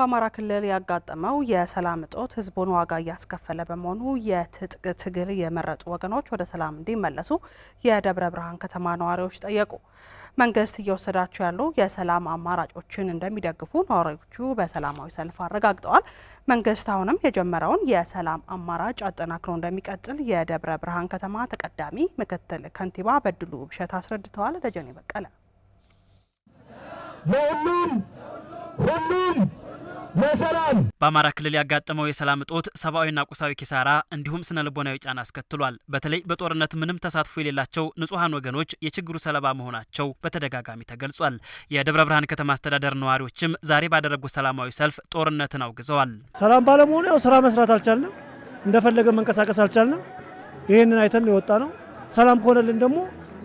በአማራ ክልል ያጋጠመው የሰላም እጦት ህዝቡን ዋጋ እያስከፈለ በመሆኑ የትጥቅ ትግል የመረጡ ወገኖች ወደ ሰላም እንዲመለሱ የደብረ ብርሃን ከተማ ነዋሪዎች ጠየቁ። መንግስት እየወሰዳቸው ያሉ የሰላም አማራጮችን እንደሚደግፉ ነዋሪዎቹ በሰላማዊ ሰልፍ አረጋግጠዋል። መንግስት አሁንም የጀመረውን የሰላም አማራጭ አጠናክሮ እንደሚቀጥል የደብረ ብርሃን ከተማ ተቀዳሚ ምክትል ከንቲባ በድሉ ብሸት አስረድተዋል። ደጀኔ በቀለ ሁሉም ለሰላም በአማራ ክልል ያጋጠመው የሰላም እጦት ሰብአዊና ቁሳዊ ኪሳራ እንዲሁም ስነ ልቦናዊ ጫና አስከትሏል። በተለይ በጦርነት ምንም ተሳትፎ የሌላቸው ንጹሐን ወገኖች የችግሩ ሰለባ መሆናቸው በተደጋጋሚ ተገልጿል። የደብረ ብርሃን ከተማ አስተዳደር ነዋሪዎችም ዛሬ ባደረጉት ሰላማዊ ሰልፍ ጦርነትን አውግዘዋል። ሰላም ባለመሆኑ ያው ስራ መስራት አልቻልም እንደፈለገ መንቀሳቀስ አልቻልም። ይህንን አይተን ነው የወጣ ነው። ሰላም ከሆነልን ደግሞ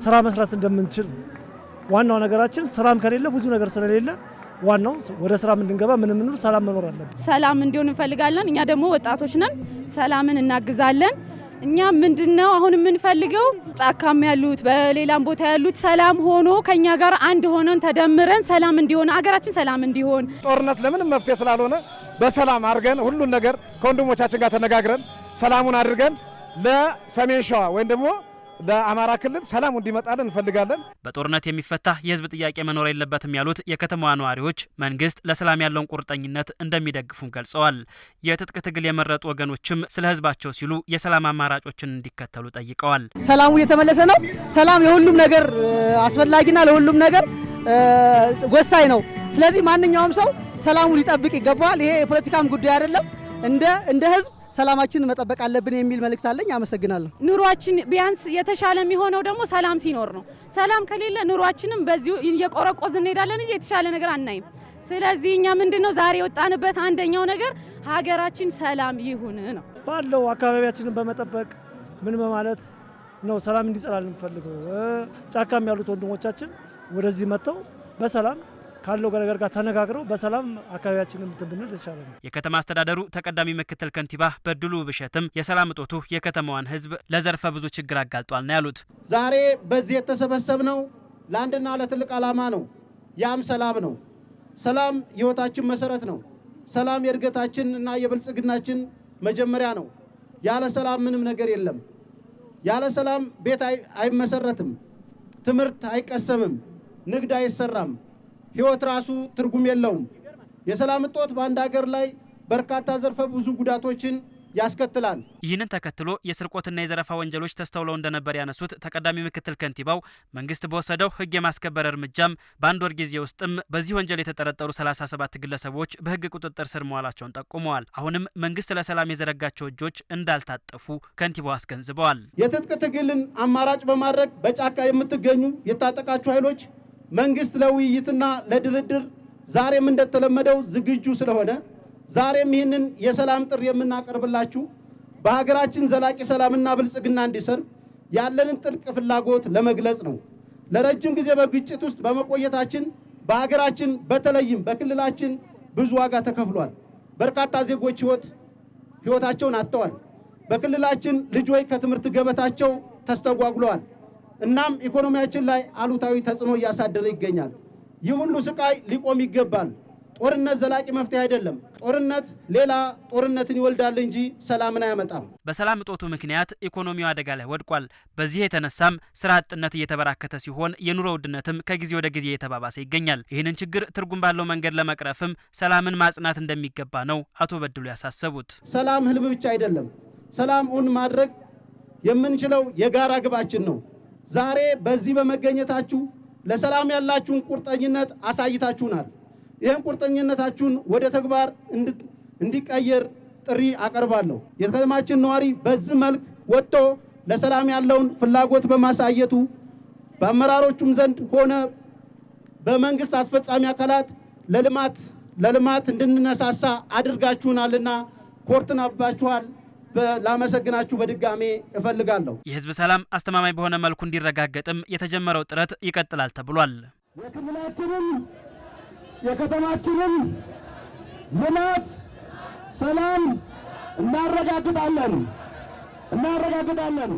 ስራ መስራት እንደምንችል ዋናው ነገራችን፣ ስራም ከሌለ ብዙ ነገር ስለሌለ ዋናው ወደ ስራ እንድንገባ ምን ምኑር ሰላም መኖር አለብን። ሰላም እንዲሆን እንፈልጋለን። እኛ ደግሞ ወጣቶች ነን፣ ሰላምን እናግዛለን። እኛ ምንድን ነው አሁን የምንፈልገው ጫካም ያሉት በሌላም ቦታ ያሉት ሰላም ሆኖ ከኛ ጋር አንድ ሆነን ተደምረን ሰላም እንዲሆን አገራችን ሰላም እንዲሆን ጦርነት ለምንም መፍትሄ ስላልሆነ በሰላም አድርገን ሁሉን ነገር ከወንድሞቻችን ጋር ተነጋግረን ሰላሙን አድርገን ለሰሜን ሸዋ ወይም ደግሞ ለአማራ ክልል ሰላም እንዲመጣልን እንፈልጋለን። በጦርነት የሚፈታ የህዝብ ጥያቄ መኖር የለበትም ያሉት የከተማዋ ነዋሪዎች መንግስት ለሰላም ያለውን ቁርጠኝነት እንደሚደግፉም ገልጸዋል። የትጥቅ ትግል የመረጡ ወገኖችም ስለ ህዝባቸው ሲሉ የሰላም አማራጮችን እንዲከተሉ ጠይቀዋል። ሰላሙ እየተመለሰ ነው። ሰላም የሁሉም ነገር አስፈላጊና ለሁሉም ነገር ወሳኝ ነው። ስለዚህ ማንኛውም ሰው ሰላሙ ሊጠብቅ ይገባዋል። ይሄ የፖለቲካም ጉዳይ አይደለም። እንደ ህዝብ ሰላማችንን መጠበቅ አለብን የሚል መልእክት አለኝ። አመሰግናለሁ። ኑሯችን ቢያንስ የተሻለ የሚሆነው ደግሞ ሰላም ሲኖር ነው። ሰላም ከሌለ ኑሯችንም በዚሁ እየቆረቆዝ እንሄዳለን እንጂ የተሻለ ነገር አናይም። ስለዚህ እኛ ምንድን ነው ዛሬ የወጣንበት አንደኛው ነገር ሀገራችን ሰላም ይሁን ነው። ባለው አካባቢያችንን በመጠበቅ ምን በማለት ነው ሰላም እንዲጸናልን የምፈልገው ጫካም ያሉት ወንድሞቻችን ወደዚህ መጥተው በሰላም ካለው ነገር ጋር ተነጋግረው በሰላም አካባቢያችንን እንትን ብንል የተሻለ ነው። የከተማ አስተዳደሩ ተቀዳሚ ምክትል ከንቲባ በድሉ ብሸትም የሰላም እጦቱ የከተማዋን ህዝብ ለዘርፈ ብዙ ችግር አጋልጧል ነው ያሉት። ዛሬ በዚህ የተሰበሰብነው ለአንድና ለትልቅ ዓላማ ነው። ያም ሰላም ነው። ሰላም የሕይወታችን መሰረት ነው። ሰላም የእድገታችን እና የብልጽግናችን መጀመሪያ ነው። ያለ ሰላም ምንም ነገር የለም። ያለ ሰላም ቤት አይመሰረትም፣ ትምህርት አይቀሰምም፣ ንግድ አይሰራም፣ ህይወት ራሱ ትርጉም የለውም። የሰላም እጦት በአንድ ሀገር ላይ በርካታ ዘርፈ ብዙ ጉዳቶችን ያስከትላል። ይህንን ተከትሎ የስርቆትና የዘረፋ ወንጀሎች ተስተውለው እንደነበር ያነሱት ተቀዳሚ ምክትል ከንቲባው መንግስት በወሰደው ህግ የማስከበር እርምጃም በአንድ ወር ጊዜ ውስጥም በዚህ ወንጀል የተጠረጠሩ 37 ግለሰቦች በህግ ቁጥጥር ስር መዋላቸውን ጠቁመዋል። አሁንም መንግስት ለሰላም የዘረጋቸው እጆች እንዳልታጠፉ ከንቲባው አስገንዝበዋል። የትጥቅ ትግልን አማራጭ በማድረግ በጫካ የምትገኙ የታጠቃችሁ ኃይሎች መንግስት ለውይይትና ለድርድር ዛሬም እንደተለመደው ዝግጁ ስለሆነ ዛሬም ይህንን የሰላም ጥሪ የምናቀርብላችሁ በሀገራችን ዘላቂ ሰላምና ብልጽግና እንዲሰር ያለንን ጥልቅ ፍላጎት ለመግለጽ ነው። ለረጅም ጊዜ በግጭት ውስጥ በመቆየታችን በሀገራችን በተለይም በክልላችን ብዙ ዋጋ ተከፍሏል። በርካታ ዜጎች ህይወት ህይወታቸውን አጥተዋል። በክልላችን ልጆች ከትምህርት ገበታቸው ተስተጓጉለዋል። እናም ኢኮኖሚያችን ላይ አሉታዊ ተጽዕኖ እያሳደረ ይገኛል። ይህ ሁሉ ስቃይ ሊቆም ይገባል። ጦርነት ዘላቂ መፍትሄ አይደለም። ጦርነት ሌላ ጦርነትን ይወልዳል እንጂ ሰላምን አያመጣም። በሰላም እጦቱ ምክንያት ኢኮኖሚው አደጋ ላይ ወድቋል። በዚህ የተነሳም ስራ አጥነት እየተበራከተ ሲሆን የኑሮ ውድነትም ከጊዜ ወደ ጊዜ እየተባባሰ ይገኛል። ይህንን ችግር ትርጉም ባለው መንገድ ለመቅረፍም ሰላምን ማጽናት እንደሚገባ ነው አቶ በድሉ ያሳሰቡት። ሰላም ህልም ብቻ አይደለም። ሰላም እውን ማድረግ የምንችለው የጋራ ግባችን ነው። ዛሬ በዚህ በመገኘታችሁ ለሰላም ያላችሁን ቁርጠኝነት አሳይታችሁናል። ይህን ቁርጠኝነታችሁን ወደ ተግባር እንዲቀየር ጥሪ አቀርባለሁ። የከተማችን ነዋሪ በዚህ መልክ ወጥቶ ለሰላም ያለውን ፍላጎት በማሳየቱ በአመራሮቹም ዘንድ ሆነ በመንግስት አስፈጻሚ አካላት ለልማት ለልማት እንድንነሳሳ አድርጋችሁናልና ኮርትናባችኋል። ላመሰግናችሁ በድጋሜ እፈልጋለሁ። የህዝብ ሰላም አስተማማኝ በሆነ መልኩ እንዲረጋገጥም የተጀመረው ጥረት ይቀጥላል ተብሏል። የክልላችንም የከተማችንም ልማት ሰላም እናረጋግጣለን እናረጋግጣለን።